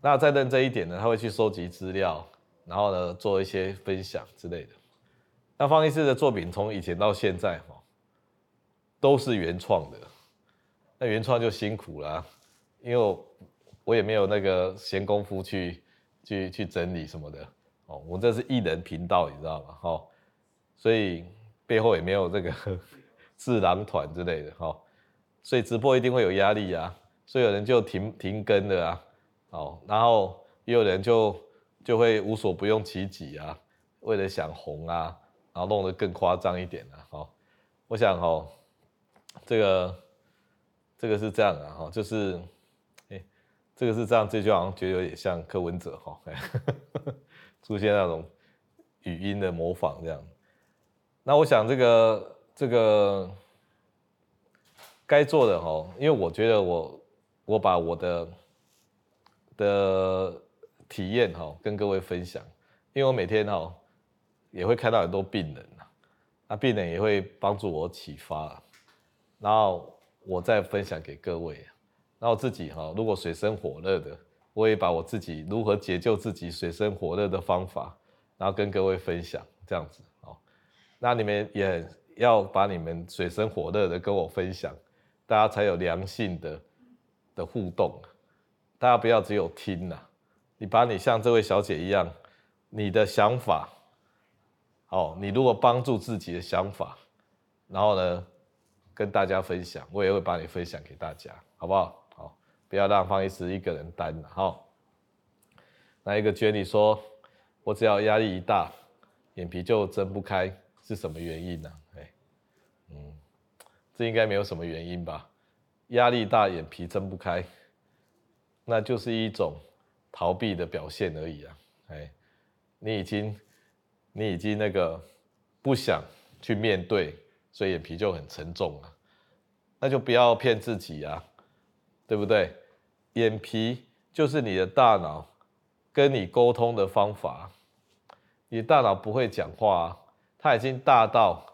那再認真一點呢，他會去收集資料，然後呢，做一些分享之類的。那方醫師的作品從以前到現在哈、哦，都是原創的。那原創就辛苦啦，因為，我也沒有那個閒工夫去，去，去整理什麼的，哦，我這是藝人頻道，你知道嗎？哈、哦，所以背後也沒有這個呵呵智囊團之類的，哈、哦。所以直播一定會有壓力啊，所以有人就停停更了啊，哦，然後也有人就就會無所不用其極啊，為了想紅啊，然後弄得更誇張一點啊。哦，我想哦，這個這個是這樣啊，哈，就是，哎，這個是這樣，這就好像覺得有點像柯文哲哈，出現那種語音的模仿這樣，那我想這個這個。該做的吼，因為我覺得我我把我的的體驗吼跟各位分享，因為我每天吼也會看到很多病人，那病人也會幫助我啟發，然後我再分享給各位，然後自己吼如果水深火熱的，我也把我自己如何解救自己水深火熱的方法，然後跟各位分享，這樣子哦，那你們也要把你們水深火熱的跟我分享。大家才有良性的的互動，大家不要只有聽吶，你把你像這位小姐一樣，你的想法，哦，你如果幫助自己的想法，然後呢，跟大家分享，我也會把你分享給大家，好不好？好、哦，不要讓方醫師一個人擔了好，那、哦、一個娟你說，我只要壓力一大，眼皮就睜不開，是什麼原因呢、啊？哎、欸。這應該沒有什麼原因吧？壓力大，眼皮睜不開，那就是一種逃避的表現而已啊。哎，你已經，你已經那個不想去面對，所以眼皮就很沉重了。那就不要騙自己啊，對不對？眼皮就是你的大腦跟你溝通的方法。你大腦不會講話，它已經大到。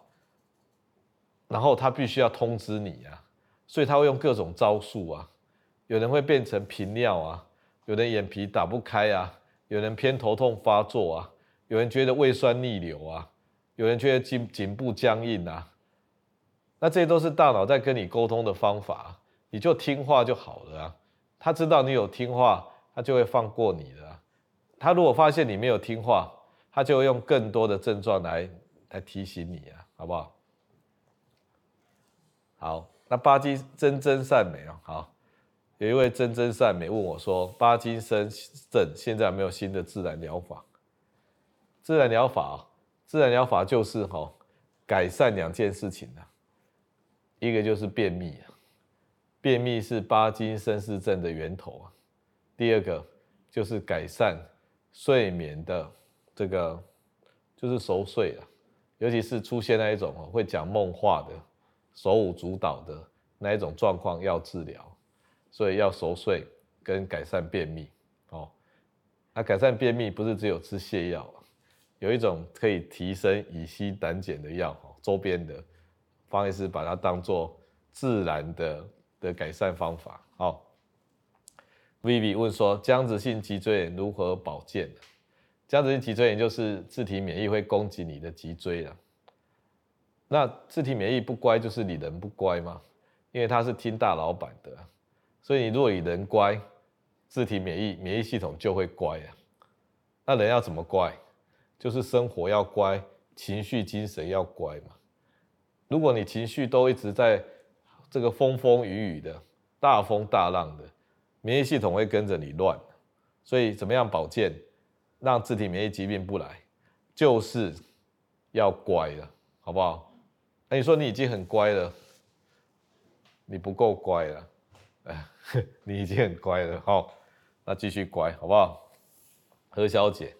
然後他必須要通知你啊，所以他會用各種招數啊，有人會變成頻尿啊，有人眼皮打不開啊，有人偏頭痛發作啊，有人覺得胃酸逆流啊，有人覺得頸頸部僵硬啊，那這些都是大腦在跟你溝通的方法，你就聽話就好了啊，他知道你有聽話，他就會放過你的啊，他如果發現你沒有聽話，他就會用更多的症狀來來提醒你啊，好不好？好，那巴金真真善美哦、啊。好，有一位真真善美問我說：“巴金森症現在有沒有新的自然療法？自然療法、啊，自然療法就是哈、哦，改善兩件事情吶、啊，一個就是便秘啊，便秘是巴金森氏症的源頭啊。第二個就是改善睡眠的這個，就是熟睡啊，尤其是出現那一種哦，會講夢話的。”手舞足蹈的那一種狀況要治療，所以要熟睡跟改善便秘哦。那、啊、改善便秘不是只有吃瀉藥、啊,有一種可以提升乙醯膽鹼的藥哦，周邊的，方醫師把它當做自然的的改善方法。哦 Vivi 問說，僵直性脊椎炎如何保健、啊？僵直性脊椎炎就是自體免疫會攻擊你的脊椎的、啊。那自體免疫不乖，就是你人不乖嘛，因為他是聽大老板的，所以你若與人乖，自體免疫免疫系統就會乖啊。那人要怎麼乖？就是生活要乖，情緒精神要乖嘛。如果你情緒都一直在這個風風雨雨的、大風大浪的，免疫系統會跟着你亂。所以怎麼樣保健，讓自體免疫疾病不來，就是要乖了，好不好？那、啊、你說你已經很乖了，你不夠乖了，哎，你已經很乖了，好，那繼續乖，好不好？何小姐，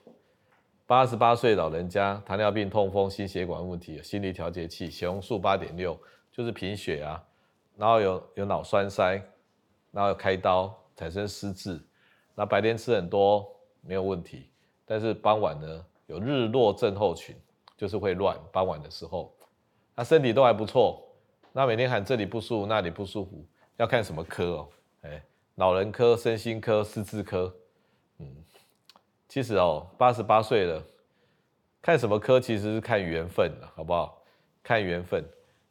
八十八歲老人家，糖尿病、痛風、心血管問題，心律調節器，血紅素八點六，就是貧血啊，然後有有腦栓塞，然後有開刀產生失智，那白天吃很多沒有問題，但是傍晚呢有日落症候群，就是會亂，傍晚的時候。他身體都還不錯，那每天喊這裡不舒服那裡不舒服，要看什麼科哦？欸，老人科、身心科、失智科，嗯，其實哦，八十八歲了，看什麼科其實是看緣分的好不好？看緣分。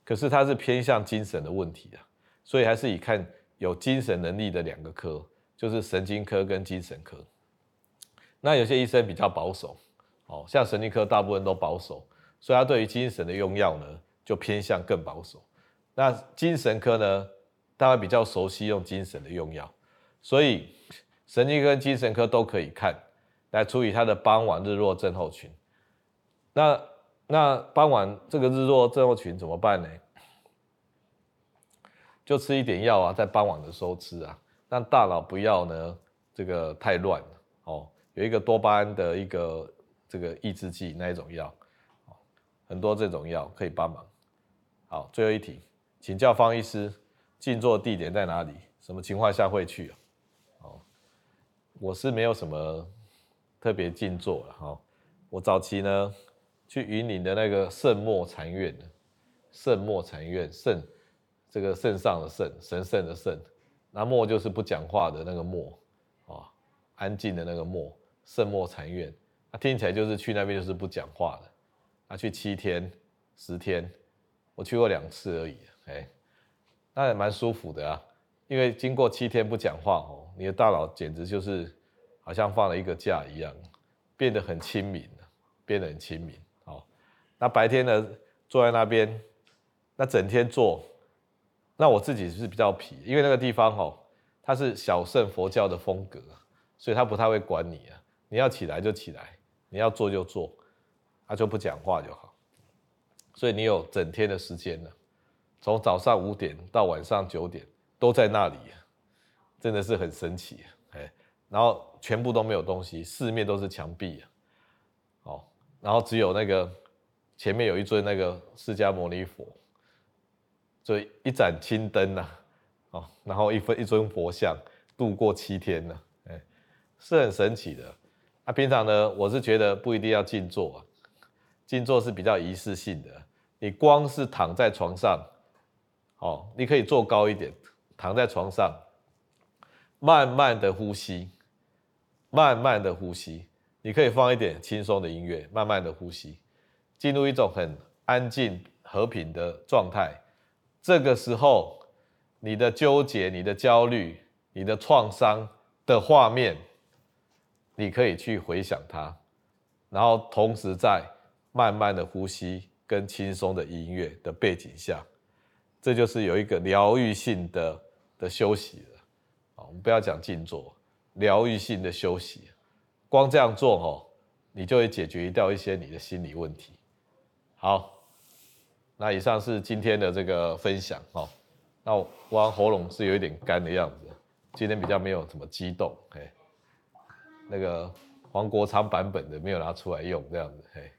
可是他是偏向精神的問題啊，所以還是以看有精神能力的兩個科，就是神經科跟精神科。那有些醫生比較保守，哦，像神經科大部分都保守，所以他對於精神的用藥呢。就偏向更保守，那精神科呢？大家比較熟悉用精神的用藥，所以神經科跟精神科都可以看來處理他的傍晚日落症候群。那那傍晚這個日落症候群怎麼辦呢？就吃一點藥啊，在傍晚的時候吃啊，讓大腦不要呢，這個太亂哦。有一個多巴胺的一個這個抑制劑那一種藥，很多這種藥可以幫忙。好，最後一題，請教方醫師，靜坐地點在哪裡？什麼情況下會去啊？哦，我是沒有什麼特別靜坐了哈。我早期呢，去雲林的那個聖默禪院，聖默禪院，聖，這個聖上的聖，神聖的聖，那默就是不講話的那個默。啊，安靜的那個默，聖默禪院，啊，聽起來就是去那邊就是不講話的，啊，去七天、十天。我去過兩次而已，嘿、欸，那也蠻舒服的啊。因為經過七天不講話哦，你的大腦簡直就是好像放了一個假一樣，變得很清明了，變得很清明。哦。那白天呢，坐在那邊，那整天坐，那我自己是比較皮，因為那個地方哦，它是小乘佛教的風格，所以他不太會管你啊。你要起來就起來，你要坐就坐，他、啊、就不講話就好。所以你有整天的時間呢，從早上五點到晚上九點都在那裡，真的是很神奇哎。然後全部都沒有東西，四面都是牆壁啊，哦，然後只有那個前面有一尊那個釋迦牟尼佛，所以一盞青燈啊，哦，然後一分一尊佛像度過七天呢，哎，是很神奇的。那、啊、平常呢，我是覺得不一定要靜坐啊，靜坐是比較儀式性的。你光是躺在床上，哦，你可以坐高一點，躺在床上，慢慢的呼吸，慢慢的呼吸。你可以放一點輕鬆的音樂，慢慢的呼吸，進入一種很安靜和平的狀態。這個時候，你的糾結、你的焦慮、你的創傷的畫面，你可以去回想它，然後同時在慢慢的呼吸。跟輕鬆的音樂的背景下，這就是有一個療癒性的的休息了啊！我們不要講靜坐，療癒性的休息，光這樣做哦，你就會解決掉一些你的心理問題。好，那以上是今天的這個分享哦。那我我的喉嚨是有一點乾的樣子，今天比較沒有什麼激動。嘿，那個黃國昌版本的沒有拿出來用，這樣子嘿。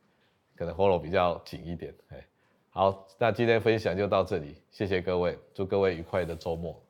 可能喉嚨比較緊一點，嘿，好，那今天分享就到這裡，謝謝各位，祝各位愉快的週末。